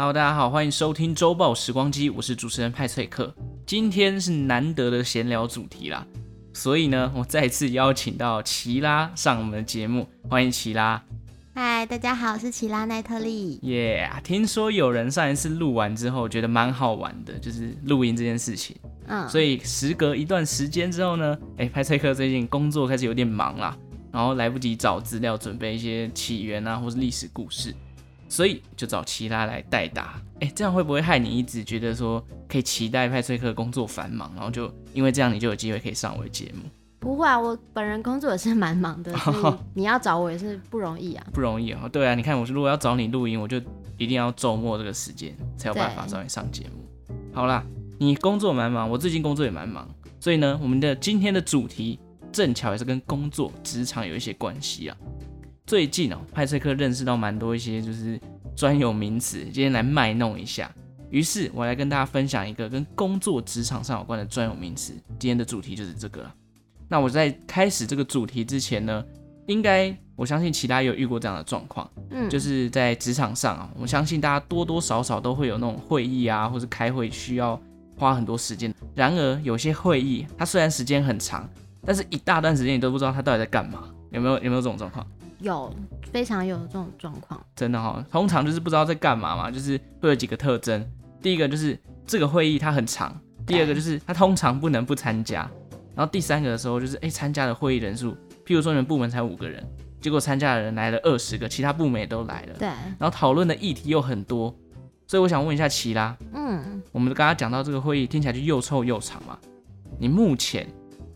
Hello，大家好，歡迎收聽週報時光機，我是主持人派翠克。今天是難得的閒聊主題啦，所以呢，我再次邀請到奇拉上我們的節目，歡迎奇拉。嗨，大家好，我是奇拉奈特利。耶，yeah, 聽說有人上一次錄完之後覺得蠻好玩的，就是錄音這件事情。嗯，所以時隔一段時間之後呢，哎、欸，派翠克最近工作開始有點忙啦、啊，然後來不及找資料準備一些起源啊或是歷史故事。所以就找綺拉來代打，哎、欸，這樣會不會害你一直覺得說可以期待派翠克工作繁忙，然後就因為這樣你就有機會可以上我的節目？不會啊，我本人工作也是蠻忙的，你要找我也是不容易啊、哦，不容易啊。對啊，你看我如果要找你錄音，我就一定要周末這個時間才有辦法找你上節目。對好啦，你工作蠻忙，我最近工作也蠻忙，所以呢，我們的今天的主題正巧也是跟工作、職場有一些關係啊。最近哦，派翠克認識到蠻多一些就是專有名詞，今天來賣弄一下。於是，我來跟大家分享一個跟工作職場上有關的專有名詞。今天的主題就是這個。那我在開始這個主題之前呢，應該我相信其他有遇過這樣的狀況，嗯，就是在職場上啊、哦，我相信大家多多少少都會有那種會議啊，或是開會需要花很多時間。然而，有些會議它雖然時間很長，但是一大段時間你都不知道它到底在幹嘛，有沒有，有沒有這種狀況？有非常有這種狀況，真的哈、哦。通常就是不知道在幹嘛嘛，就是會有幾個特徵。第一個就是這個會議它很長，第二個就是對它通常不能不參加，然後第三個的時候就是哎參加的會議人數，譬如說你們部門才五個人，結果參加的人來了二十個，其他部門也都來了，對。然後討論的議題又很多，所以我想問一下綺拉，嗯，我們剛剛講到這個會議聽起來就又臭又長嘛，你目前。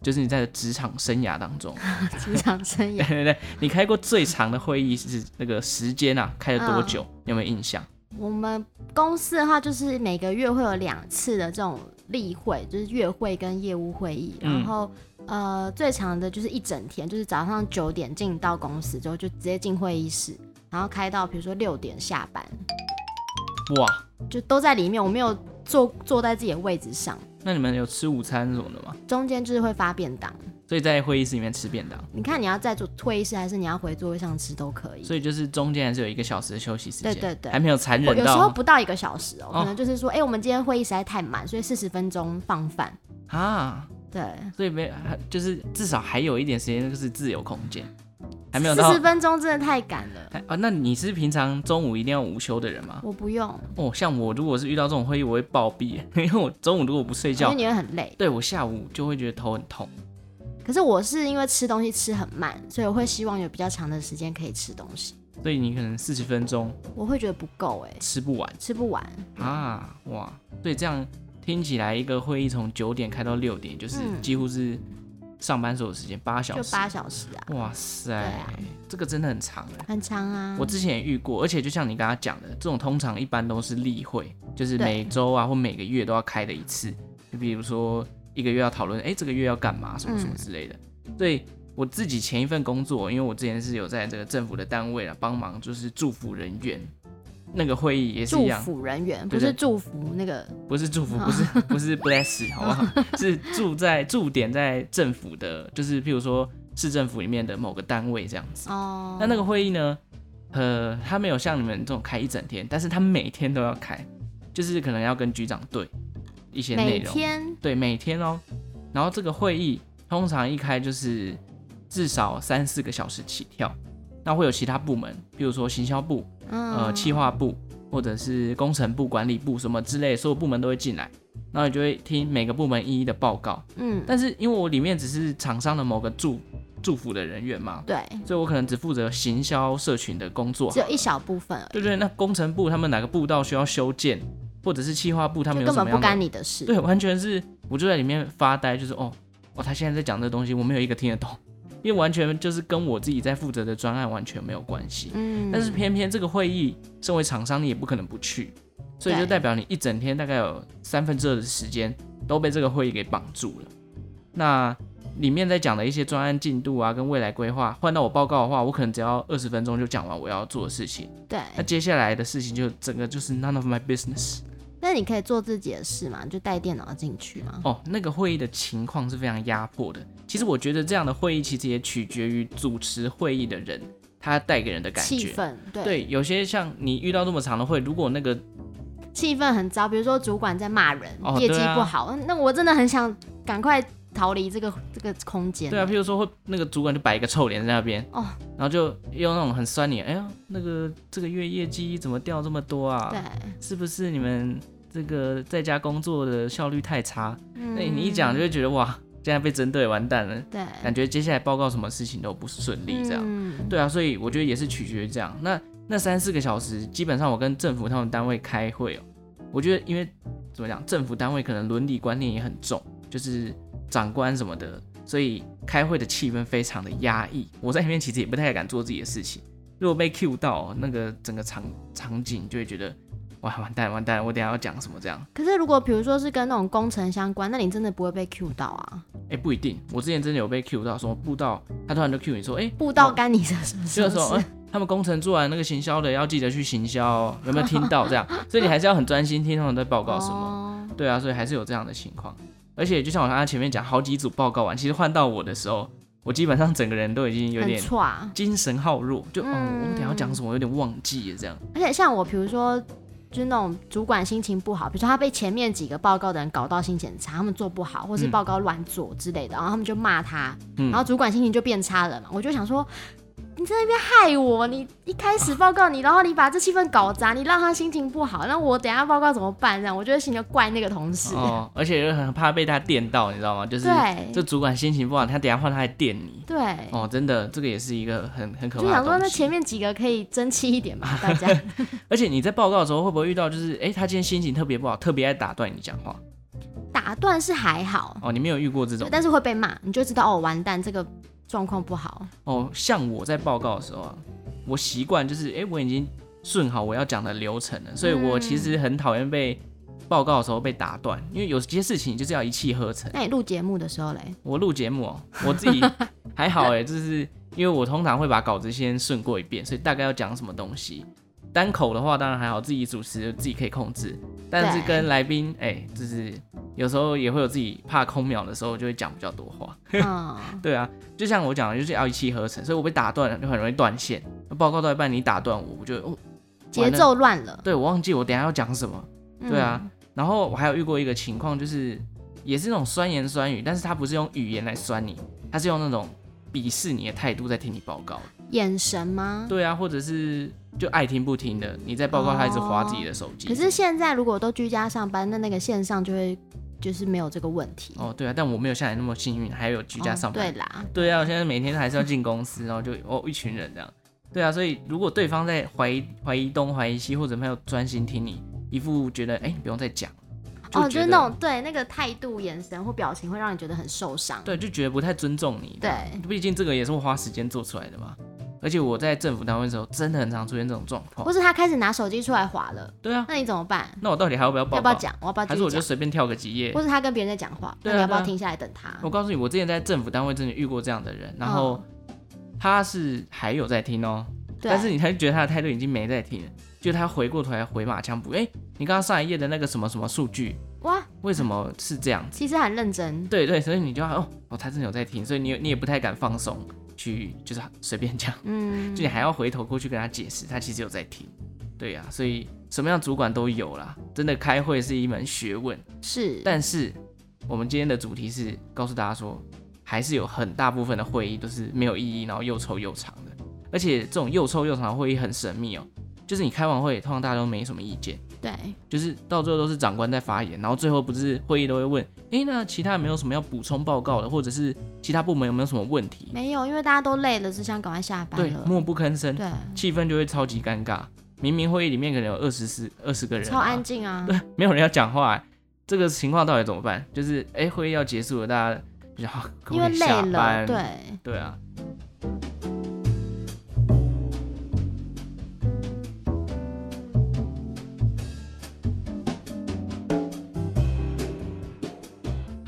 就是你在職場生涯當中，職場生涯， 對對對，你開過最長的會議是那個時間啊，開了多久？呃、有沒有印象？我們公司的話，就是每個月會有兩次的這種例會，就是月會跟業務會議。然後，嗯、呃，最長的就是一整天，就是早上九點進到公司之後就直接進會議室，然後開到比如說六點下班。哇！就都在裡面，我沒有坐坐在自己的位置上。那你們有吃午餐什麼的嗎？中間就是會發便當，所以在會議室裡面吃便當。你看，你要在坐會議室，還是你要回座位上吃都可以。所以就是中間還是有一個小時的休息時間。對對對，還沒有殘忍到，有時候不到一個小時哦，哦可能就是說，哎、欸，我們今天會議實在太滿，所以四十分鐘放飯啊。對。所以沒還就是至少還有一點時間，就是自由空間。還沒有到四十分鐘，真的太趕了。啊，那你是平常中午一定要午休的人嗎？我不用。哦，像我如果是遇到這種會議，我會暴斃，因為我中午如果不睡覺，你會很累。對我下午就會覺得頭很痛。可是我是因為吃東西吃很慢，所以我會希望有比較長的時間可以吃東西。所以你可能四十分鐘，我會覺得不夠哎、欸，吃不完，吃不完、嗯、啊，哇，對，這樣聽起來一個會議從九點開到六點，就是幾乎是、嗯。上班所有時間八小時，就八小時啊！哇塞，啊、這個真的很長很長啊！我之前也遇過，而且就像你剛才講的，這種通常一般都是例會，就是每周啊對或每個月都要開的一次，就比如說一個月要討論，哎、欸，這個月要幹嘛什麼什麼之類的。嗯、所以我自己前一份工作，因為我之前是有在這個政府的單位啊，幫忙就是祝福人員。那個會議也是一樣，人員不是祝福那個，不是祝福，不是 不是，不是 bless 好不好？是住在駐點在政府的，就是譬如說市政府裡面的某個單位這樣子。哦。那那個會議呢？呃，他沒有像你們這種開一整天，但是他每天都要開，就是可能要跟局長對一些內容。每天。對，每天哦。然後這個會議通常一開就是至少三四個小時起跳，那會有其他部門，譬如說行銷部。呃，企劃部或者是工程部、管理部什麼之類，所有部門都會進來，然後你就會聽每個部門一一的報告。嗯，但是因為我裡面只是廠商的某個駐駐府的人員嘛，對，所以我可能只負責行銷社群的工作，只有一小部分。對對，那工程部他們哪個步道需要修建，或者是企劃部他們有什麼樣？根本不干你的事。對，完全是，我就在裡面發呆，就是哦哦，他現在在講這個東西，我沒有一個聽得懂。因為完全就是跟我自己在負責的專案完全沒有關係，嗯，但是偏偏這個會議，身為廠商你也不可能不去，所以就代表你一整天大概有三分之二的時間都被這個會議給綁住了。那裡面在講的一些專案進度啊，跟未來規劃，換到我報告的話，我可能只要二十分鐘就講完我要做的事情。對，那接下來的事情就整個就是 none of my business。那你可以做自己的事嘛？就帶電腦進去嗎？哦，oh, 那個會議的情況是非常壓迫的。其實我覺得這樣的會議其實也取決於主持會議的人，他帶給人的感覺。氣氛對，對，有些像你遇到這麼長的會，如果那個氣氛很糟，比如說主管在罵人，oh, 業績不好，啊，那我真的很想趕快。逃離這個這個空間。對啊，譬如說會那個主管就擺一個臭臉在那邊哦，oh. 然後就用那種很酸臉，哎呀，那個這個月業績怎麼掉這麼多啊？對，是不是你們這個在家工作的效率太差？那、嗯欸、你一講就會覺得哇，現在被針對完蛋了，對，感覺接下來報告什麼事情都不順利這樣。嗯、對啊，所以我覺得也是取決於這樣。那那三四個小時，基本上我跟政府他們單位開會哦、喔，我覺得因為怎麼講，政府單位可能倫理觀念也很重，就是。長官什麼的，所以開會的氣氛非常的壓抑。我在裡面其實也不太敢做自己的事情，如果被 cue 到，那個整個場場景就會覺得，哇，完蛋了完蛋了，我等一下要講什麼這樣。可是如果比如說是跟那種工程相關，那你真的不會被 cue 到啊？哎、欸，不一定。我之前真的有被 cue 到，說步道，他突然就 cue 你說，哎、欸，步道干你什麼什麼？就是說是不是、嗯、他們工程做完那個行銷的要記得去行銷、喔，有沒有聽到這樣？所以你還是要很專心聽他們在報告什麼，對啊，所以還是有這樣的情況。而且就像我剛剛前面講，好幾組報告完，其實換到我的時候，我基本上整個人都已經有點精神耗弱。嗯、就哦，我等下要講什麼，有點忘記了這樣。而且像我，比如說，就是那種主管心情不好，比如說他被前面幾個報告的人搞到心情差，他們做不好，或是報告亂做之類的，嗯、然後他們就罵他，嗯、然後主管心情就變差了嘛。我就想說。你在那邊害我！你一開始報告你，啊、然後你把這氣氛搞砸，你讓他心情不好，那我等下報告怎麼辦？這樣我覺得心裡怪那個同事。哦。而且又很怕被他電到，你知道嗎？就是這對主管心情不好，他等下換他來電你。對。哦，真的，這個也是一個很很可怕的。就想說，那前面幾個可以爭氣一點嘛，大家。 而且你在報告的時候會不會遇到，就是哎、欸，他今天心情特別不好，特別愛打斷你講話。打斷是還好哦，你沒有遇過這種，但是會被罵，你就知道哦，完蛋，這個。狀況不好哦，像我在報告的時候啊，我習慣就是，哎、欸，我已經順好我要講的流程了，所以我其實很討厭被報告的時候被打斷，嗯、因為有些事情就是要一氣呵成。那你錄節目的時候嘞？我錄節目哦，我自己還好哎、欸， 就是因為我通常會把稿子先順過一遍，所以大概要講什麼東西。單口的話當然還好，自己主持自己可以控制，但是跟來賓，哎、欸，就是。有時候也會有自己怕空秒的時候，就會講比較多話。Oh. 對啊，就像我講的就是要一氣呵成，所以我被打斷就很容易斷線。報告到一半你打斷我，我就哦，節奏亂了。完了。對，我忘記我等下要講什麼。嗯、對啊，然後我還有遇過一個情況，就是也是那種酸言酸語，但是他不是用語言來酸你，他是用那種鄙視你的態度在聽你報告。眼神嗎？對啊，或者是就愛聽不聽的，你在報告，他一直滑自己的手機。Oh. 可是現在如果都居家上班，那那個線上就會。就是沒有這個問題哦，對啊，但我沒有像你那麼幸運，還有居家上班，哦，對啦，對啊，我現在每天還是要進公司， 然後就哦一群人這樣，對啊，所以如果對方在懷疑懷疑東懷疑西，或者沒有專心聽你，一副覺得哎不用再講，覺得哦，就是那種對那個態度、眼神或表情，會讓你覺得很受傷，對，就覺得不太尊重你，對，畢竟這個也是我花時間做出來的嘛。而且我在政府單位的時候，真的很常出現這種狀況。或是他開始拿手機出來滑了。對啊，那你怎麼辦？那我到底還要不要報？要不要講？我要不要繼續講？還是我就隨便跳個幾頁？或是他跟別人在講話，你要不要停下來等他？我告訴你，我之前在政府單位真的遇過這樣的人，然後、哦、他是還有在聽哦、喔，對但是你還是覺得他的態度已經沒在聽，就他回過頭來回馬槍補，哎、欸，你剛剛上一頁的那個什麼什麼數據哇？為什麼是這樣子？其實很認真。對，對對，所以你就哦，哦，他真的有在聽，所以你你也不太敢放鬆。去就是隨便講，嗯，嗯， 就你還要回頭過去跟他解釋，他其實有在聽。對啊，所以什麼樣主管都有啦，真的開會是一門學問。是。但是我們今天的主題是告訴大家說，還是有很大部分的會議都是沒有意義，然後又臭又長的，而且這種又臭又長的會議很神秘哦、喔，就是你開完會通常大家都沒什麼意見。對，就是到最後都是長官在發言，然後最後不是會議都會問，哎、欸，那其他有沒有什麼要補充報告的，或者是其他部門有沒有什麼問題？沒有，因為大家都累了，只想趕快下班了。對，默不吭聲，對，氣氛就會超級尷尬。明明會議裡面可能有二十四二十個人、啊，超安靜啊，對，沒有人要講話，這個情況到底怎麼辦？就是哎、欸，會議要結束了，大家比較好，可不可以下班，因為累了。對，對啊。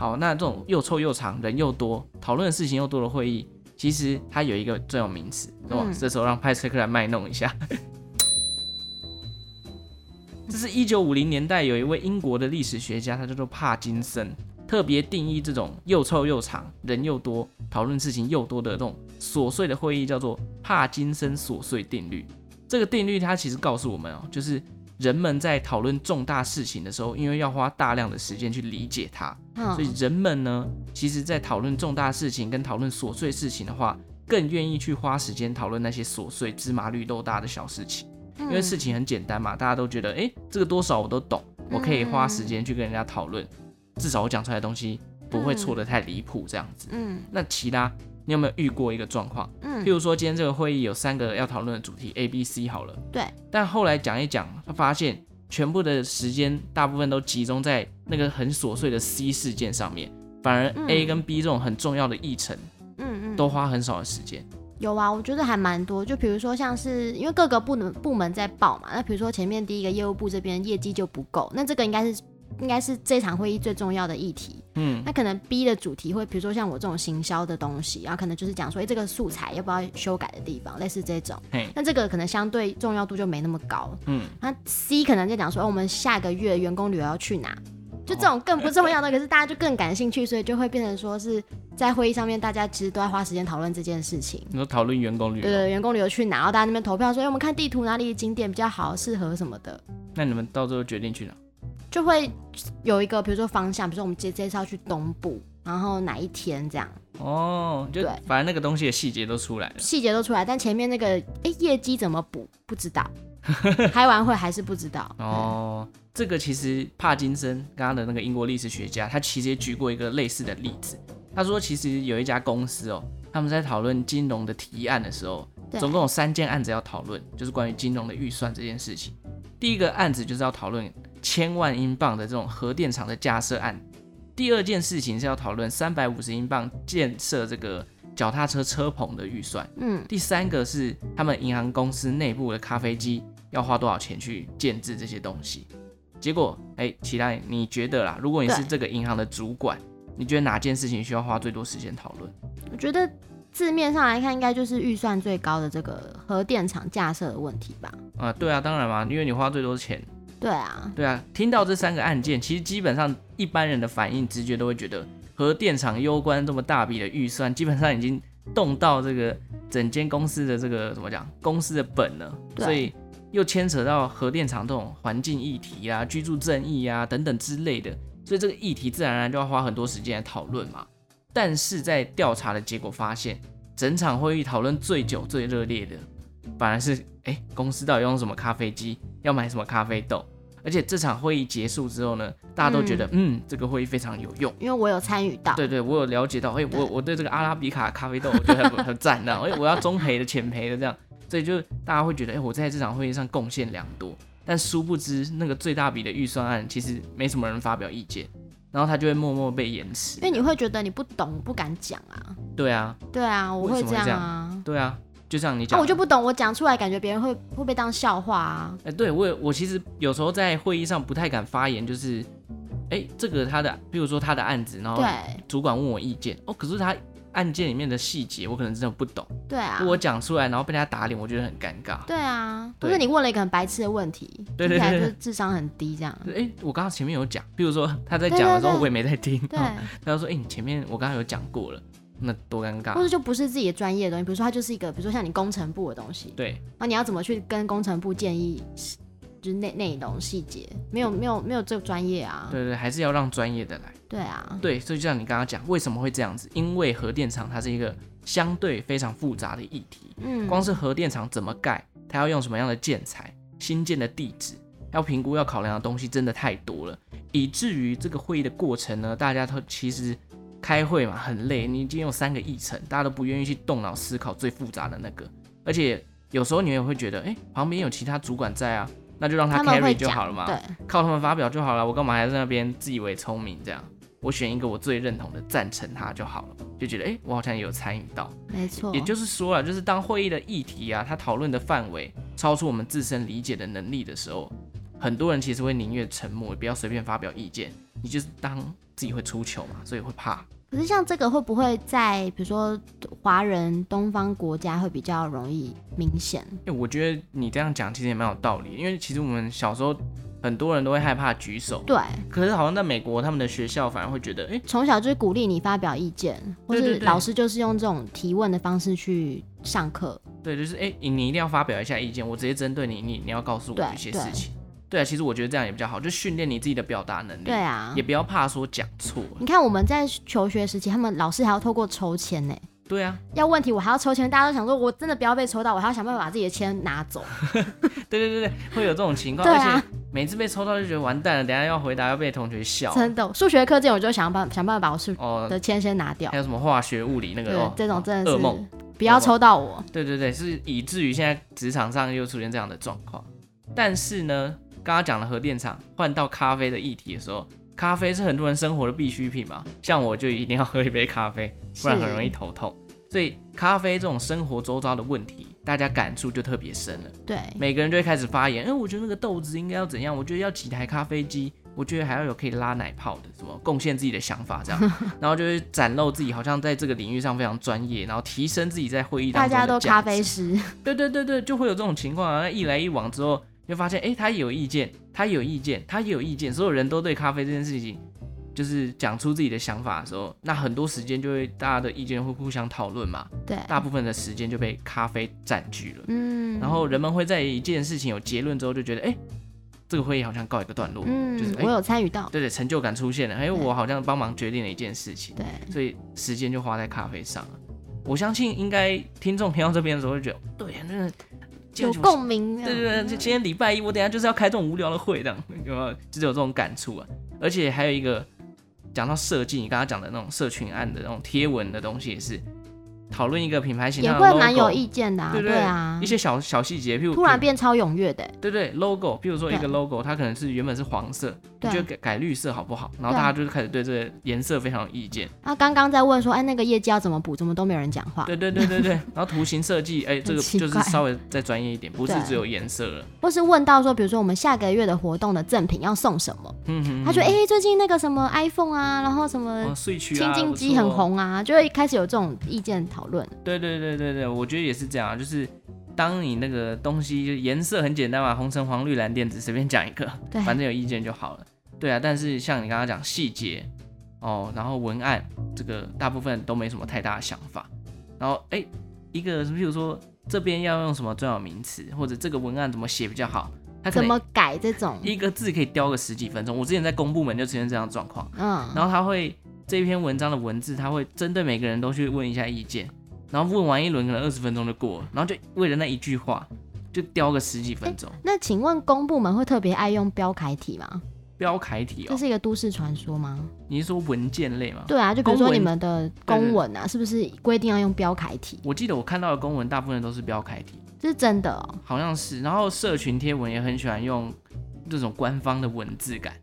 好、哦，那這種又臭又長、人又多、討論的事情又多的會議，其實它有一個專有名詞、嗯。這時候讓派翠克來賣弄一下。 這是一九五零年代有一位英國的歷史學家，他叫做帕金森，特別定義這種又臭又長、人又多、討論事情又多的這種瑣碎的會議，叫做帕金森瑣碎定律。這個定律它其實告訴我們哦，就是。人們在討論重大事情的時候，因為要花大量的時間去理解它，所以人們呢，其實在討論重大事情跟討論瑣碎事情的話，更願意去花時間討論那些瑣碎芝麻綠豆大的小事情，因為事情很簡單嘛，大家都覺得，誒、欸，這個多少我都懂，我可以花時間去跟人家討論，至少我講出來的東西不會錯得太離譜這樣子。嗯，那其他。你有沒有遇過一個狀況？嗯，譬如說今天這個會議有三個要討論的主題 A、B、C 好了。對。但後來講一講，他發現全部的時間大部分都集中在那個很瑣碎的 C 事件上面，反而 A 跟 B 這種很重要的議程，嗯嗯，都花很少的時間。有啊，我覺得還蠻多。就譬如說，像是因為各個部門部門在報嘛，那譬如說前面第一個業務部這邊業績就不夠，那這個應該是。應該是這場會議最重要的議題。嗯，那可能 B 的主題會，比如說像我這種行銷的東西，然後可能就是講說，哎、欸，這個素材要不要修改的地方，類似這種。嗯嘿。那這個可能相對重要度就沒那麼高。嗯。那 C 可能就講說，哎、欸，我們下個月員工旅遊要去哪？就這種更不重要的，可是大家就更感興趣，所以就會變成說是在會議上面，大家其實都在花時間討論這件事情。你說討論員工旅遊？對，員工旅遊去哪？然後大家那邊投票說，哎、欸，我們看地圖哪裡的景點比較好，適合什麼的。那你們到最後決定去哪？就會有一個，比如說方向，比如說我們接這次要去東部，然後哪一天這樣哦，就對反正那個東西的細節都出來了，細節都出來，但前面那個哎業績怎麼補不知道，開 完會還是不知道哦。對這個其實帕金森剛剛的那個英國歷史學家，他其實也舉過一個類似的例子。他說其實有一家公司哦，他們在討論金融的提案的時候，對總共有三件案子要討論，就是關於金融的預算這件事情。第一個案子就是要討論。千萬英鎊的這種核電廠的架設案，第二件事情是要討論三百五十英鎊建設這個腳踏車車棚的預算，嗯，第三個是他們銀行公司內部的咖啡機要花多少錢去建置這些東西。結果，哎、欸，綺拉你覺得啦？如果你是這個銀行的主管，對你覺得哪件事情需要花最多時間討論？我覺得字面上來看，應該就是預算最高的這個核電廠架設的問題吧。啊，對啊，當然嘛，因為你花最多錢。對啊，對啊，聽到這三個案件，其實基本上一般人的反應直覺都會覺得核電廠攸關這麼大筆的預算，基本上已經動到這個整間公司的這個怎麼講，公司的本了，所以又牽扯到核電廠這種環境議題啊、居住正義啊等等之類的，所以這個議題自然而然就要花很多時間來討論嘛。但是在調查的結果發現，整場會議討論最久、最熱烈的，反而是哎、欸、公司到底用什麼咖啡機，要買什麼咖啡豆。而且這場會議結束之後呢，大家都覺得，嗯，嗯，這個會議非常有用，因為我有參與到，對，對對，我有了解到，誒對、欸，我我對這個阿拉比卡咖啡豆，我覺得很贊呢，誒、 欸，我要中焙的，淺焙的，這樣，所以就大家會覺得，誒、欸，我在這場會議上貢獻良多，但殊不知那個最大筆的預算案其實沒什麼人發表意見，然後他就會默默被延遲，因為你會覺得你不懂，不敢講啊，對啊，對啊，我會，我會這樣啊，對啊。就像你講、哦，我就不懂。我講出來，感覺別人會會被當笑話啊。哎、欸，對我我其實有時候在會議上不太敢發言，就是，誒、欸，這個他的，比如說他的案子，然後主管問我意見，對哦，可是他案件裡面的細節，我可能真的不懂。對啊。我講出來，然後被他打臉，我覺得很尷尬。對啊。對不是你問了一個很白痴的問題，對，對，對，對，對對智商很低這樣。哎、欸，我剛剛前面有講，比如說他在講的時候，我也沒在聽。對，對，對，對。嗯、後他後說，哎、欸，你前面我剛剛有講過了。那多尷尬啊，或者就不是自己的專業的東西，比如說它就是一個，比如說像你工程部的東西，對，你要怎麼去跟工程部建議，就是那那東西細節沒有沒有沒有這個專業啊，對對對，還是要讓專業的來，對啊，對，所以就像你剛剛講，為什麼會這樣子？因為核電廠它是一個相對非常複雜的議題，嗯，光是核電廠怎麼蓋，它要用什麼樣的建材，新建的地址要評估，要考量的東西真的太多了，以至於這個會議的過程呢，大家都其實。開會嘛，很累。你已經有三個議程，大家都不願意去動腦思考最複雜的那個。而且有時候你也會覺得，誒，旁邊有其他主管在啊，那就讓他 carry 就好了嘛，對，靠他們發表就好了，我幹嘛還在那邊自以為聰明這樣？我選一個我最認同的，贊成他就好了，就覺得，誒，我好像也有參與到，沒錯。也就是說啊，就是當會議的議題啊，他討論的範圍超出我們自身理解的能力的時候，很多人其實會寧願沉默，也不要隨便發表意見。你就是當自己會出糗嘛，所以會怕。可是像這個會不會在比如說華人東方國家會比較容易明顯？哎、欸，我覺得你這樣講其實也蠻有道理，因為其實我們小時候很多人都會害怕舉手。對。可是好像在美國，他們的學校反而會覺得，哎、欸，從小就是鼓勵你發表意見，或是，對對對，老師就是用這種提問的方式去上課。對，就是哎，你、欸、你一定要發表一下意見，我直接針對你，你你要告訴我，對，一些事情。對啊，其實我覺得這樣也比較好，就訓練你自己的表達能力。對啊，也不要怕說講錯。你看我們在求學時期，他們老師還要透過抽籤呢。對啊。要問題我還要抽籤，大家都想說，我真的不要被抽到，我還要想辦法把自己的籤拿走。 對對對對，會有這種情況，對啊、而且每次被抽到就覺得完蛋了，等下要回答要被同學笑。真的，數學課間我就想辦想辦法把我數哦的籤先拿掉、哦。還有什麼化學、物理那個？對，哦、這種真的是噩、噩夢，不要抽到我。對對對，是以至於現在職場上又出現這樣的狀況，但是呢。剛剛講了核電廠換到咖啡的議題的時候，咖啡是很多人生活的必需品嘛？像我就一定要喝一杯咖啡，不然很容易頭痛。是所以咖啡這種生活周遭的問題，大家感觸就特別深了。對，每個人就會開始發言，哎，我覺得那個豆子應該要怎樣？我覺得要幾台咖啡機？我覺得還要有可以拉奶泡的？什麼？貢獻自己的想法這樣， 然後就會展露自己好像在這個領域上非常專業，然後提升自己在會議當中的價值。大家都咖啡師。 對對對對，就會有這種情況啊！那一來一往之後。就發現，哎、欸，他也有意見，他也有意見，他也有，有意見。所有人都對咖啡這件事情，就是講出自己的想法的時候，那很多時間就會大家的意見會互相討論嘛。對，大部分的時間就被咖啡佔據了。嗯。然後人們會在一件事情有結論之後，就覺得，哎、欸，這個會議好像告一個段落。嗯。就是、欸、我有參與到。對，對對，成就感出現了。哎、欸，對我好像幫忙決定了一件事情。對。所以時間就花在咖啡上了。我相信應該聽眾聽到這邊的時候，會覺得，對呀，那。就是、有共鳴啊！對對對，就今天禮拜一，我等下就是要開這種無聊的會，這樣有沒有？就是有這種感觸啊！而且還有一個，講到設計，你剛剛講的那種社群案的那種貼文的東西也是。討論一個品牌形象，也會蠻有意見的啊，對啊，一些小小細節，譬如突然變超踴躍的，對對，logo，譬如說一個 logo，它可能是原本是黃色，你就改改綠色好不好？然後大家就開始對這個顏色非常有意見。他剛剛在問說，哎，那個業績要怎麼補？怎麼都沒有人講話？對對對對對。然後圖形設計，哎，這個就是稍微再專業一點，不是只有顏色了。或是問到說，比如說我們下個月的活動的贈品要送什麼？嗯哼，他說，哎，最近那個什麼 iPhone 啊，然後什麼清淨機很紅啊，就會開始有這種意見討。對對對對對，我覺得也是這樣啊，就是當你那個東西就顏色很簡單嘛，紅橙黃綠藍靛紫隨便講一個，對反正有意見就好了。對啊，但是像你剛剛講細節，哦，然後文案這個大部分都沒什麼太大的想法，然後哎，一個是比如說這邊要用什麼專有名詞，或者這個文案怎麼寫比較好，他怎麼改這種一個字可以雕個十幾分鐘，我之前在公部門就出現這樣的狀況，嗯，然後他會這篇文章的文字，它會針對每個人都去問一下意見，然後問完一輪可能二十分鐘就過了，然後就為了那一句話就雕個十幾分鐘。欸。那請問公部門會特別愛用標楷體嗎？標楷體哦，這是一個都市傳說嗎？是說嗎，你是說文件類嗎？對啊，就比如說你們的公文啊，公文。對對對，是不是規定要用標楷體？我記得我看到的公文大部分都是標楷體，這是真的哦。喔。好像是，然後社群貼文也很喜歡用這種官方的文字感，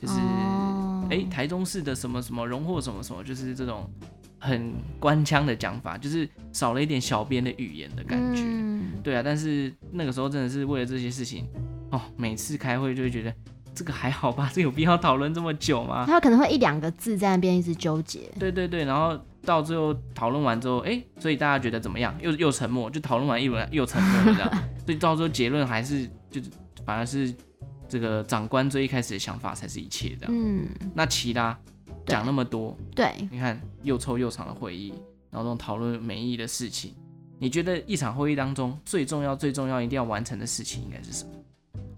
就是。哦欸、台中市的什麼什麼榮獲什麼什麼，就是這種很官腔的講法，就是少了一點小編的語言的感覺。嗯、對啊，但是那個時候真的是為了這些事情，哦，每次開會就會覺得這個還好吧，這個、有必要討論這麼久嗎？他可能會一兩個字在那邊一直糾結。對對對，然後到最後討論完之後，哎、欸，所以大家覺得怎麼樣？又又沉默，就討論完一輪又沉默這樣，你知道，所以到最後結論還是就是反而是。這個長官最一開始的想法才是一切這樣。嗯。那其他對講那麼多，對。你看又臭又長的會議，然後這種討論沒意義的事情。你覺得一場會議當中最重要、最重要一定要完成的事情應該是什麼？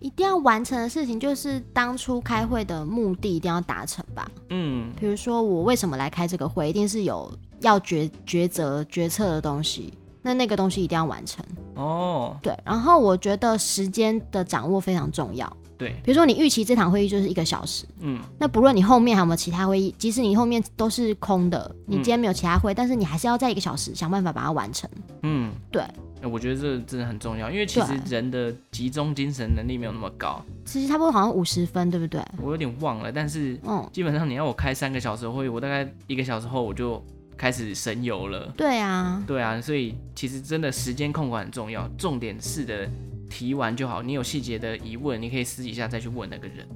一定要完成的事情就是當初開會的目的一定要達成吧。嗯。比如說我為什麼來開這個會，一定是有要抉,抉擇、決策的東西。那那個東西一定要完成。哦。對。然後我覺得時間的掌握非常重要。對，比如說你預期這場會議就是一個小時，嗯，那不論你後面還有沒有其他會議，即使你後面都是空的，你今天沒有其他會，嗯，但是你還是要在一個小時想辦法把它完成。嗯，對，呃，我覺得這真的很重要，因為其實人的集中精神能力沒有那麼高，其實差不多好像五十分，對不對？我有點忘了，但是，嗯，基本上你要我開三個小時會議，我大概一個小時後我就開始神遊了。對啊，對啊，所以其實真的時間控管很重要，重點是的。提完就好。你有細節的疑問，你可以私底下再去問那個人。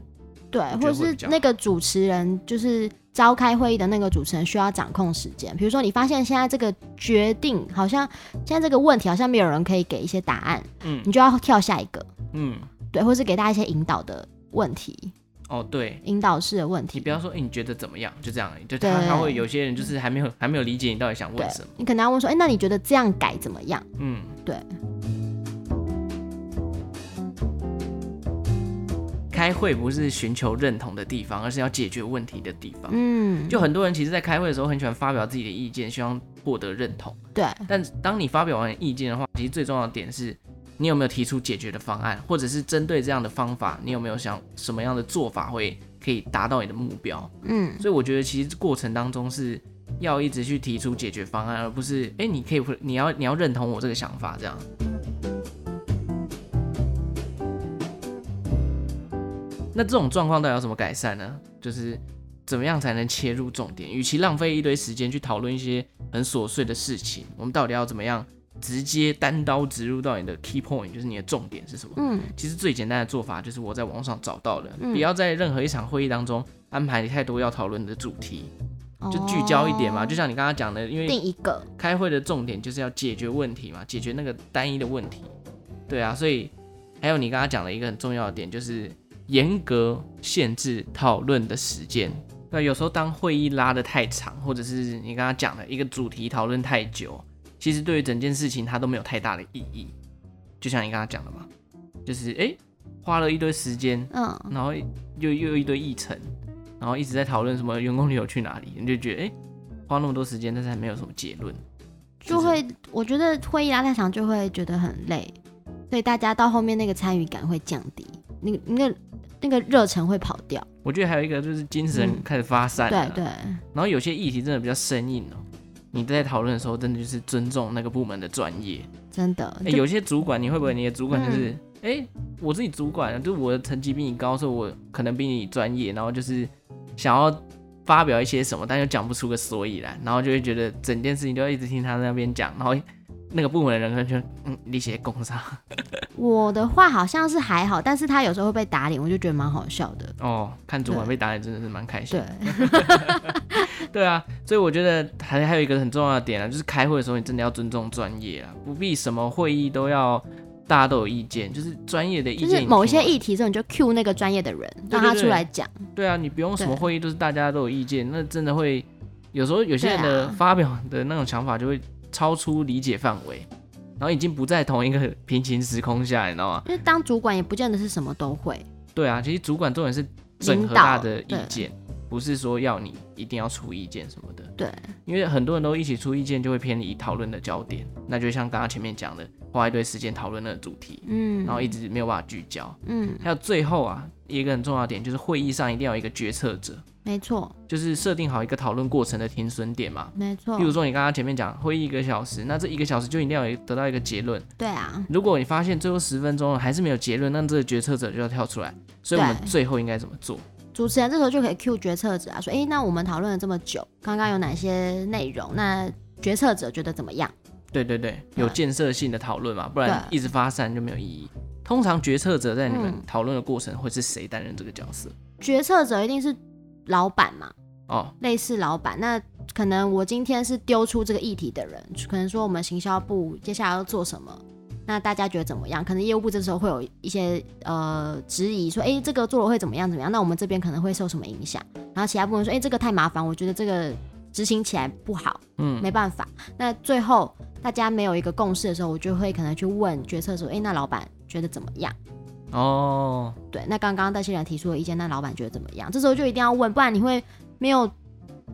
對，或是那個主持人，就是召開會議的那個主持人，需要掌控時間。比如說，你發現現在這個決定好像，現在這個問題好像沒有人可以給一些答案，嗯，你就要跳下一個，嗯，對，或是給大家一些引導的問題。哦，對，引導式的問題，你不要說、欸、你覺得怎麼樣，就這樣，就他對他會有些人就是還沒有、嗯、還沒有理解你到底想問什麼，你可能要問說，哎、欸，那你覺得這樣改怎麼樣？嗯，對。開會不是尋求認同的地方，而是要解決問題的地方。嗯，就很多人其實，在開會的時候，很喜歡發表自己的意見，希望獲得認同。對。但當你發表完意見的話，其實最重要的點是，你有沒有提出解決的方案，或者是針對這樣的方法，你有沒有想什麼樣的做法會可以達到你的目標？嗯。所以我覺得，其實過程當中是要一直去提出解決方案，而不是誒，你可以，你要你要認同我這個想法，這樣。那這種狀況到底有什麼改善呢？就是怎麼樣才能切入重點？與其浪費一堆時間去討論一些很瑣碎的事情，我們到底要怎麼樣直接單刀直入到你的 key point，就是你的重點是什麼？嗯，其實最簡單的做法就是我在網上找到的，不、嗯、要在任何一場會議當中安排你太多要討論的主題，就聚焦一點嘛。就像你剛剛講的，因為一個開會的重點就是要解決問題嘛，解決那個單一的問題。對啊，所以還有你剛剛講的一個很重要的點就是，嚴格限制討論的時間。那有時候當會議拉得太長，或者是你剛剛講的一個主題討論太久，其實對於整件事情它都沒有太大的意義。就像你剛剛講的嘛，就是哎、欸、花了一堆時間，嗯，然後又又有一堆議程，然後一直在討論什麼員工旅遊去哪裡，你就覺得哎、欸、花那麼多時間，但是還沒有什麼結論。就會我覺得會議拉太長就會覺得很累，所以大家到後面那個參與感會降低。你那個。你那個熱忱會跑掉。我覺得還有一個就是精神開始發散了。嗯、對，對，然後有些議題真的比較生硬哦、喔，你在討論的時候，真的就是尊重那個部門的專業。真的。欸、有些主管你會不會？你的主管就是，哎、嗯欸，我自己主管，就是我的成績比你高，所以，我可能比你專業。然後就是想要發表一些什麼，但又講不出個所以然，然後就會覺得整件事情都要一直聽他在那邊講，然後那個部門的人就，嗯，你先工上。 我的話好像是還好，但是他有時候會被打臉，我就覺得蠻好笑的。哦，看主管被打臉真的是蠻開心。對， 對啊，所以我覺得還還有一個很重要的點啊，就是開會的時候你真的要尊重專業啊，不必什麼會議都要大家都有意見，就是專業的意見。就是某一些議題的時候你就 cue 那個專業的人，讓他出來講。對，對，對，對啊，你不用什麼會議都是大家都有意見，對那真的會有時候有些人的、啊、發表的那種想法就會超出理解範圍。然後已經不在同一個平行時空下，你知道嗎？就是當主管也不見得是什麼都會。對啊，其實主管重點是整合大的意見。不是說要你一定要出意見什麼的，對，因為很多人都一起出意見，就會偏離討論的焦點。那就像剛剛前面講的，花一堆時間討論那個主題，嗯，然後一直沒有辦法聚焦，嗯。還有最後啊，一個很重要點就是會議上一定要有一個決策者，沒錯，就是設定好一個討論過程的停損點嘛，沒錯。比如說你剛剛前面講會議一個小時，那這一個小時就一定要得到一個結論，對啊。如果你發現最後十分鐘還是沒有結論，那這個決策者就要跳出來。所以我們最後應該怎麼做？主持人這時候就可以 cue 決策者啊，說：“哎、欸，那我們討論了這麼久，剛剛有哪些內容？那決策者覺得怎麼樣？”對對對，嗯、有建設性的討論嘛，不然一直發散就沒有意義。對通常決策者在你們討論的過程，會是誰擔任這個角色？決策者一定是老闆嘛？哦，類似老闆。那可能我今天是丟出這個議題的人，可能說我們行銷部接下來要做什麼。那大家覺得怎麼樣？可能業務部這時候會有一些呃質疑，說，哎、欸，這個做了會怎麼樣怎麼樣？那我們這邊可能會受什麼影響？然後其他部門說，哎、欸，這個太麻煩，我覺得這個執行起來不好。嗯，沒辦法。那最後大家沒有一個共識的時候，我就會可能去問決策說，哎、欸，那老闆覺得怎麼樣？哦，對，那剛剛戴先生提出的意見，那老闆覺得怎麼樣？這時候就一定要問，不然你會沒有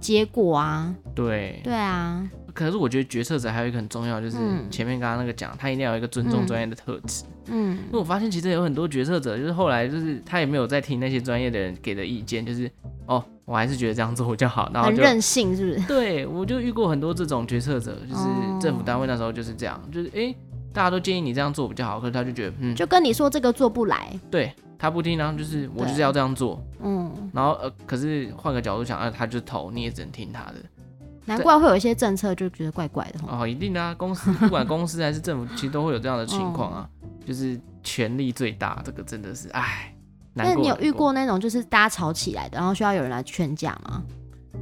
結果啊。對，對啊。可是我覺得決策者還有一個很重要，就是前面剛剛那個講，嗯、他一定要有一個尊重專業的特質。嗯。嗯，因為我發現其實有很多決策者，就是後來就是他也沒有再聽那些專業的人給的意見，就是哦，我還是覺得這樣做比較好。然後就很任性是不是？對，我就遇過很多這種決策者，就是政府單位那時候就是這樣，哦、就是哎、欸，大家都建議你這樣做比較好，可是他就覺得，嗯，就跟你說這個做不來，對，他不聽。啊，然後就是我就是要這樣做，嗯，然後呃，可是換個角度想啊，他就投，你也只能聽他的。難怪會有一些政策就覺得怪怪的對哦，一定的、啊、公司不管公司還是政府， 其實都會有這樣的情況啊，嗯、就是權力最大，這個真的是哎，那過你有遇過那種就是大家吵起來的，然後需要有人來勸架嗎？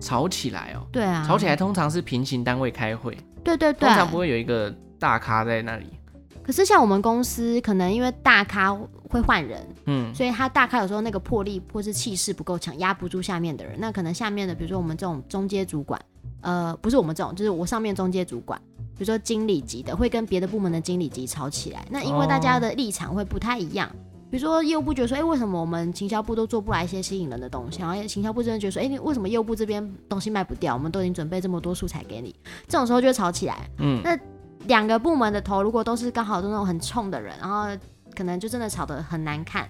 吵起來哦，對啊，吵起來通常是平行單位開會，對,對對對，通常不會有一個大咖在那裡。可是像我們公司，可能因為大咖會換人，嗯，所以他大咖有時候那個魄力或是氣勢不夠強，壓不住下面的人，那可能下面的，比如說我們這種中階主管。呃，不是我們這種，就是我上面中階主管，比如說經理級的，會跟別的部門的經理級吵起來。那因為大家的立場會不太一樣，oh. 比如說業務部覺得說，哎、欸，為什麼我們行銷部都做不來一些吸引人的東西？然後行銷部真的覺得說，哎、欸，你為什麼業務部這邊東西賣不掉？我們都已經準備這麼多素材給你，這種時候就吵起來。嗯，那兩個部門的頭如果都是剛好是那種很衝的人，然後可能就真的吵得很難看。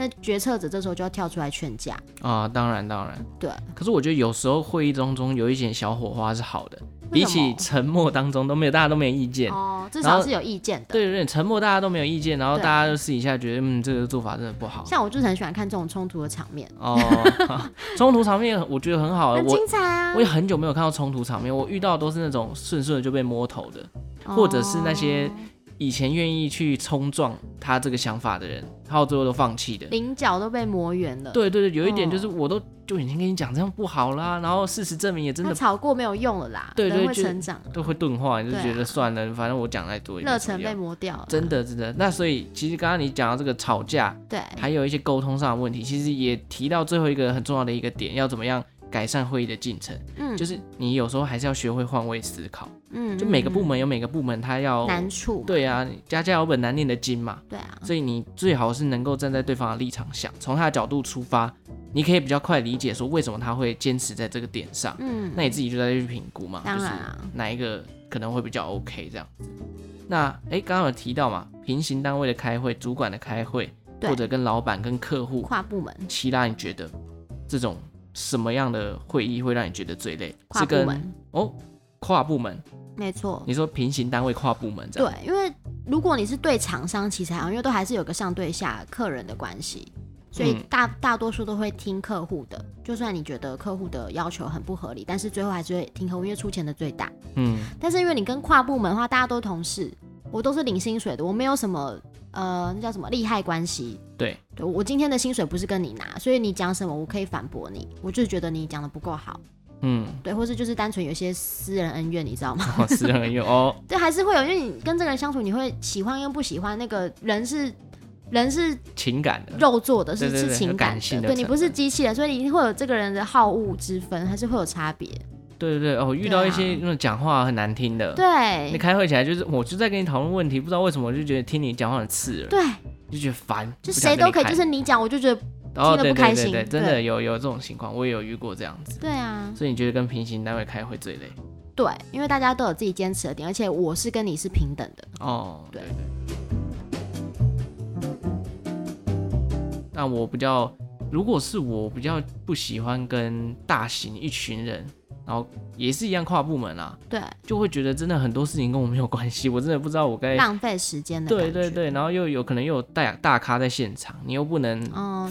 那決策者這時候就要跳出來勸架啊，哦，當然，當然，對。可是我覺得有時候會議當中，中有一點小火花是好的，比起沉默當中都沒有，大家都沒有意見哦，至少是有意見的。對，對，對，有點沉默，大家都沒有意見，然後大家就私底下，覺得對嗯，這個做法真的不好。像我就是很喜歡看這種衝突的場面哦，衝突場面我覺得很好，很精彩啊。我，我也很久沒有看到衝突場面，我遇到的都是那種順順的就被摸頭的，哦，或者是那些。以前願意去衝撞他這個想法的人，他到最後都放棄了，稜角都被磨圓了。對對對，有一點就是，我都、哦、就已經跟你講這樣不好啦、啊。然後事實證明也真的吵過沒有用了啦，對，對對，會成長都會鈍化，你、啊、就覺得算了，反正我講再多也一樣。熱忱被磨掉了，真的真的。那所以其實剛剛你講到這個吵架，對，還有一些溝通上的問題，其實也提到最後一個很重要的一個點，要怎麼樣？改善會議的進程，嗯，就是你有時候還是要學會換位思考，嗯，就每個部門有每個部門他要難處，對啊，家家有本難念的經嘛，對啊，所以你最好是能夠站在對方的立場想，從他的角度出發，你可以比較快理解說為什麼他會堅持在這個點上，嗯，那你自己就在去評估嘛，然就是哪一個可能會比較 OK 這樣，那哎，剛剛有提到嘛，平行單位的開會、主管的開會，對或者跟老板、跟客戶跨部門，綺拉，你覺得這種？什麼樣的會議會讓你覺得最累？跨部門哦，跨部門，沒錯。你說平行單位跨部門這樣？對，因為如果你是對廠商，其實好像因為都還是有個上對下客人的關係，所以大、嗯、大多數都會聽客戶的。就算你覺得客戶的要求很不合理，但是最後還是會聽客戶，因為出錢的最大。嗯。但是因為你跟跨部門的話，大家都同事，我都是領薪水的，我沒有什麼呃，那叫什麼利害關係。對，我今天的薪水不是跟你拿，所以你講什麼，我可以反駁你，我就是覺得你講的不夠好，嗯，對，或是就是單純有些私人恩怨，你知道嗎？私人恩怨哦，對，還是會有，因為你跟這個人相處，你會喜歡又不喜歡那個人，是人是情感的，肉做的，是是情感性的，對你不是機器的，所以一定會有這個人的好惡之分，還是會有差別。對對對，哦，遇到一些那種講話很難聽的，對，你開會起來就是，我就在跟你討論問題，不知道為什麼我就覺得聽你講話很刺耳，對。就覺得煩，就誰都可以，就是你講，我就覺得聽得不開心。哦、對，對，對，對真的有對有這種情況，我也有遇過這樣子。對啊，所以你覺得跟平行單位開會最累？對，因為大家都有自己堅持的點，而且我是跟你是平等的。哦，對對，對。但對我比較，如果是我比較不喜歡跟大型一群人。然後也是一樣跨部門啊，對，就會覺得真的很多事情跟我沒有關係，我真的不知道我該浪費時間的。對對對，然後又有可能又有大大咖在現場，你又不能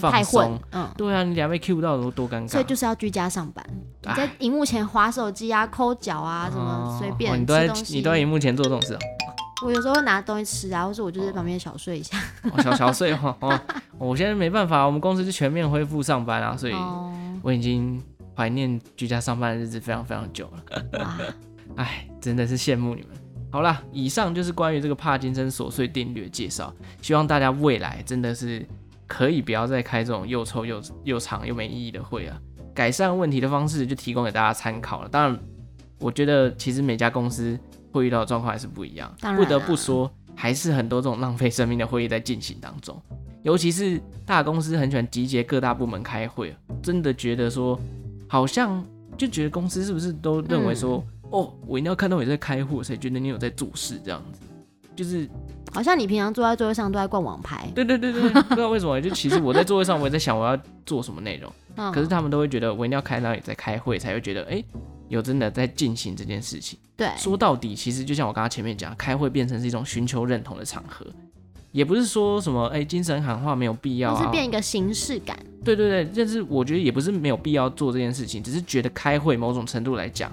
放鬆、嗯、太混，嗯，對啊，你兩邊 Q 不到，多多尷尬。所以就是要居家上班，啊、你在屏幕前滑手機啊、摳腳啊，什麼、嗯、隨便、哦、你都在你都在屏幕前做這種事、啊。我有時候會拿東西吃啊，或是我就在旁邊小睡一下。哦、小小睡哈、啊 哦，我現在沒辦法，我們公司就全面恢復上班啊，所以我已經。懷念居家上班的日子非常非常久了，哎，真的是羨慕你們。好啦，以上就是關於這個帕金森瑣碎定律的介紹，希望大家未來真的是可以不要再開這種又臭又又長又沒意義的會啊。改善問題的方式就提供給大家參考了。當然，我覺得其實每家公司會遇到的狀況還是不一樣。不得不說，還是很多這種浪費生命的會議在進行當中，尤其是大公司很喜歡集結各大部門開會，真的覺得說。好像就覺得公司是不是都認為說，嗯、哦，我一定要看到你在開會，才覺得你有在做事這樣子。就是好像你平常坐在座位上都在逛網拍。對對對對， 不知道為什麼，就其實我在座位上我也在想我要做什麼內容，嗯、可是他們都會覺得我一定要看到你在開會，才會覺得哎、欸，有真的在進行這件事情。對，說到底，其實就像我剛剛前面講，開會變成是一種尋求認同的場合。也不是說什麼哎、欸，精神喊話沒有必要，就、哦、是變一個形式感。啊、對對對，但是我覺得也不是沒有必要做這件事情，只是覺得開會某種程度來講，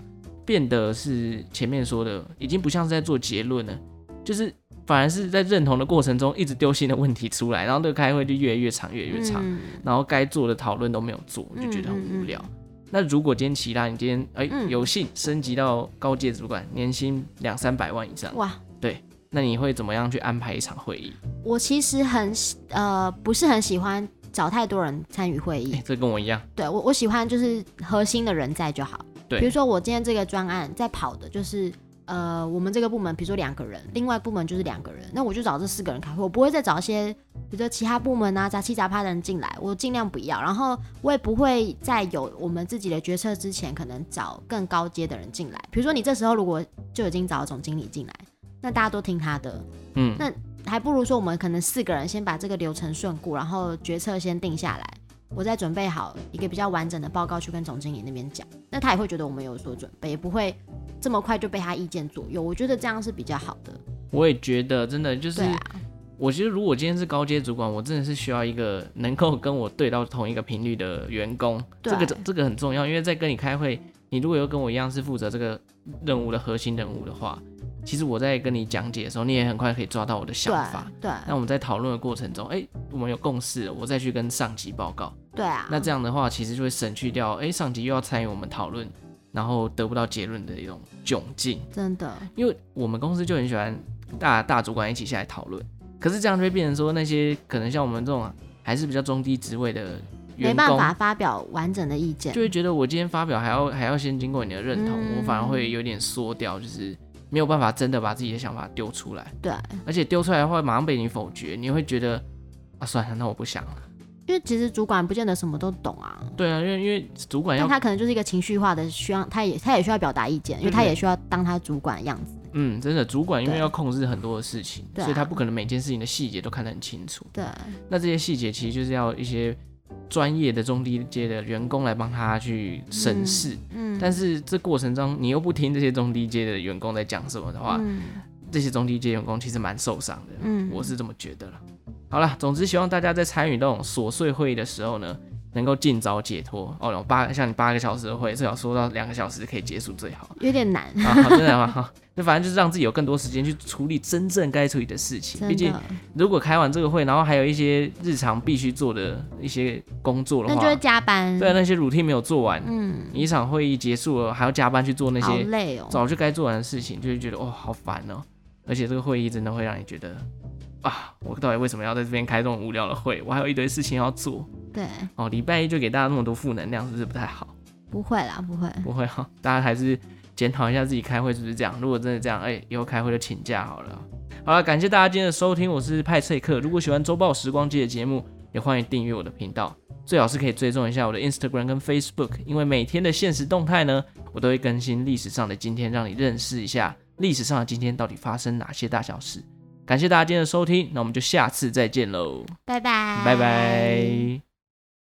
變得是前面說的已經不像是在做結論了，就是反而是在認同的過程中一直丟新的問題出來，然後這個開會就越來越長越來越長，嗯、然後該做的討論都沒有做，我就覺得很無聊。嗯嗯嗯，那如果今天其他你今天哎、欸嗯、有幸升級到高階主管，年薪兩三百萬以上，哇！那你會怎麼樣去安排一場會議？我其實很呃不是很喜歡找太多人參與會議，欸，這跟我一樣。對，我我喜歡就是核心的人在就好。對，比如說我今天這個專案在跑的就是呃我們這個部門，比如說兩個人，另外部門就是兩個人，那我就找這四個人開會，我不會再找一些比如說其他部門啊、雜七雜八的人進來，我儘量不要。然後我也不會在有我們自己的決策之前，可能找更高階的人進來。比如說你這時候如果就已經找總經理進來。那大家都聽他的，嗯，那還不如說我們可能四個人先把這個流程順過，然後決策先定下來，我再準備好一個比較完整的報告去跟總經理那邊講，那他也會覺得我們有所準備，也不會這麼快就被他意見左右。我覺得這樣是比較好的。我也覺得，真的就是，啊、我覺得如果今天是高階主管，我真的是需要一個能夠跟我對到同一個頻率的員工，對這個這個很重要，因為在跟你開會，你如果又跟我一樣是負責這個任務的核心人物的話。其實我在跟你講解的時候，你也很快可以抓到我的想法。對。對。那我們在討論的過程中，哎，我們有共識了，我再去跟上級報告。對啊。那這樣的話，其實就會省去掉，哎，上級又要參與我們討論，然後得不到結論的一種窘境。真的。因為我們公司就很喜歡大大主管一起下來討論，可是這樣就會變成說，那些可能像我們這種、啊、還是比較中低職位的員工，沒辦法發表完整的意見，就會覺得我今天發表還要還要先經過你的認同，嗯、我反而會有點縮掉，就是。沒有辦法真的把自己的想法丟出來，對，而且丟出來的話馬上被你否決，你會覺得啊，算了，那我不想了。因為其實主管不見得什麼都懂啊。對啊，因為因為主管要，他可能就是一個情緒化的，需要他也他也需要表達意見，對因為他也需要當他主管的樣子。嗯，真的，主管因為要控制很多的事情，對所以他不可能每件事情的細節都看得很清楚。對，那這些細節其實就是要一些。專業的中低階的員工來幫他去審視，嗯，嗯，但是這過程中你又不聽這些中低階的員工在講什麼的話，嗯、這些中低階員工其實蠻受傷的，嗯，我是這麼覺得了。好了，總之希望大家在參與這種瑣碎會議的時候呢。能夠儘早解脫哦！八像你八個小時的會，最好說到兩個小時可以結束最好。有點難啊好，真的嗎？那 反正就是讓自己有更多時間去處理真正該處理的事情。畢的竟，如果開完這個會，然後還有一些日常必須做的一些工作的話，就會加班。對，那些 routine 沒有做完，嗯，你一場會議結束了還要加班去做那些累哦，早就該做完的事情，哦、就會覺得哦好煩哦，而且這個會議真的會讓你覺得。啊！我到底為什麼要在這邊開這種無聊的會？我還有一堆事情要做。對，哦，禮拜一就給大家那麼多負能量，是不是不太好？不會啦，不會，不會哈、啊！大家還是檢討一下自己開會是不是這樣？如果真的這樣，哎，以後開會就請假好了。好了，感謝大家今天的收聽，我是派翠克。如果喜歡《週報時光機》的節目，也歡迎訂閱我的頻道，最好是可以追蹤一下我的 Instagram 跟 Facebook，因為每天的限時動態呢，我都會更新歷史上的今天，讓你認識一下歷史上的今天到底發生哪些大小事。感謝大家今天的收聽，那我們就下次再見嘍！拜拜，拜拜。